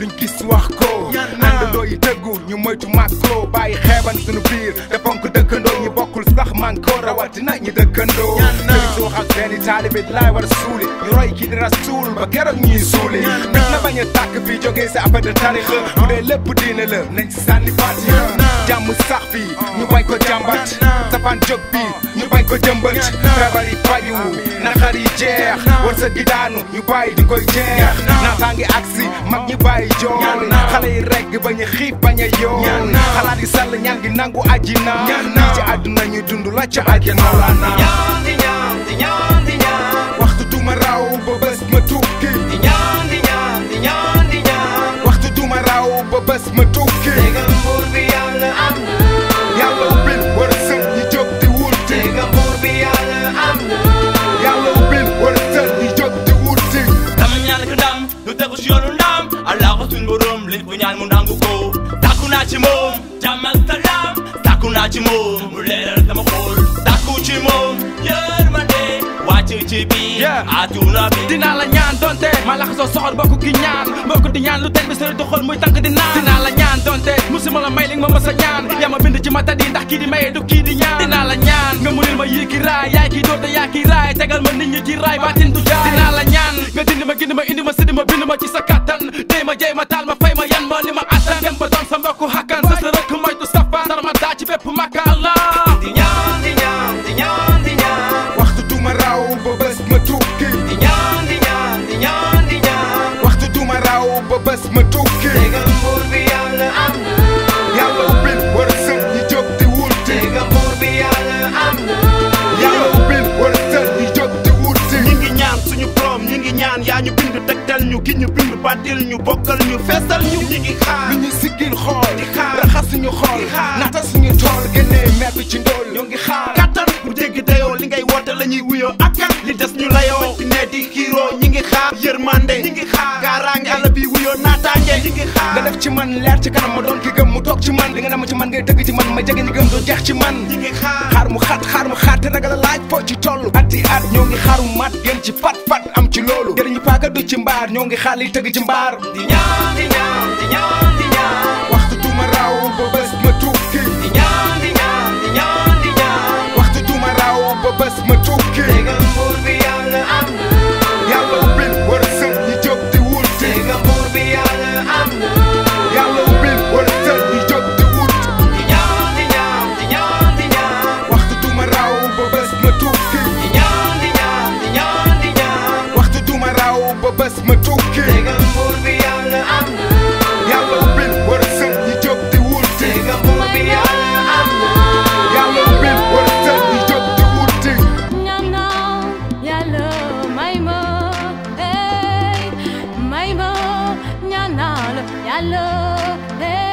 luñ gis wax ko àndandoo yi dëggu ñu moytu màkkoo bàyyi xeeban sunu biir te ponk dëkkandoo ñi bokkul sax mànkoo rawatina ñi dëkkandoo su wax ak benn taalibe laay war a suuli ñu roy kii di rasuul ba keroog ñuy suuli bis na bañ a tàkk fii jógee si affaire de tarix ah. bu dee lépp diine la nañ si sànni fatiha jàmm sax ah. fii ñu bañ ko jàmbat safaan jóg bi ñu bañ ko jëmbat feebar yi faju naqar jeex sa di daanu ñu bàyyi di koy jeex naataange aksi mag ñi bàyyi jooy xale yi rekk bañ a xiif bañ a yooy xalaat yi sàll ñaan ngi nangu àjjina lii ci àdduna ñuy dund la ca àjjana laa naa ñaan di ñaan di ñaan di raw ba bés ma tukki di ñaan di ñaan di ñaan di ñaan waxtu duma raw ba bés ma tukki ñaan mu nangu ko takku naa ci moom jàmm ak salaam takku naa ci moom mu leeral sama xol takku ci moom yërmande wàcc ci bi dinaa la ñaan donte ma laxasoo soxor ki ñaan mbokk di ñaan lu ten bi sori du xol muy tànk di naan dinaa la ñaan donte musuma la may li nga ma mës a ma bind ci matadi ndax kii di maye du kii dinaa la ñaan nga munil ma yii ki raay yaay kii doote yaa ki raay tegal ma nit ñi ci raay baatin du jaay dinaa la ñaan nga dindi ma gindi ma indi ma sidi ma bind ma ci sa kàttan ma jey ma xakkaan sa sa rëkk moytu safaan dara ma daa ci bépp makkaan la di ñaan di ñaan di ñaan di ñaan waxtu ma raw ba bés ma tukki di ñaan di ñaan di ñaan di ñaan waxtu ma raw ba bés ma tukki dégal nguur bi yàlla am na yàlla ubbil wërsëg ñi jóg di wulti dégal nguur di ñi ngi ñaan suñu borom ñi ngi ñaan yaa ñu bind ñu ki ñu bind bàddil ñu bokkal ñu feesal ñu ñi ngi xaar lu ñu bu jéggi dayoo li ngay woote la ñuy wuyoo ak kat li des ne di kiiroo ñi ngi xaar yërmande ñi ngi xaar gaaraange bi wuyoo naataange ñi ngi xaar nga ci man leer ci kanam ma doon ki gëm mu toog ci man li nga dama ci man ngay dëgg ci man ma jege ñi gëm doo jeex ci man xaar mu xat xaar mu te ragal a laaj foo ci toll atti at ñoo ngi xaaru mat gën ci pat pat am ci loolu tëdd ci mbaar ñoo ngi xaali tëgg ci mbaar di ñaan di ñaan di ñaan tukki ndegam buur bi yàlla am na yàlla bin war a sën ñi jóg di wuti ndegam buur bi yàlla am na yàlla bin war a sën ñi jóg di wuti ñaan naa yàlla may ma hey may ma ñaan naa la yàlla hey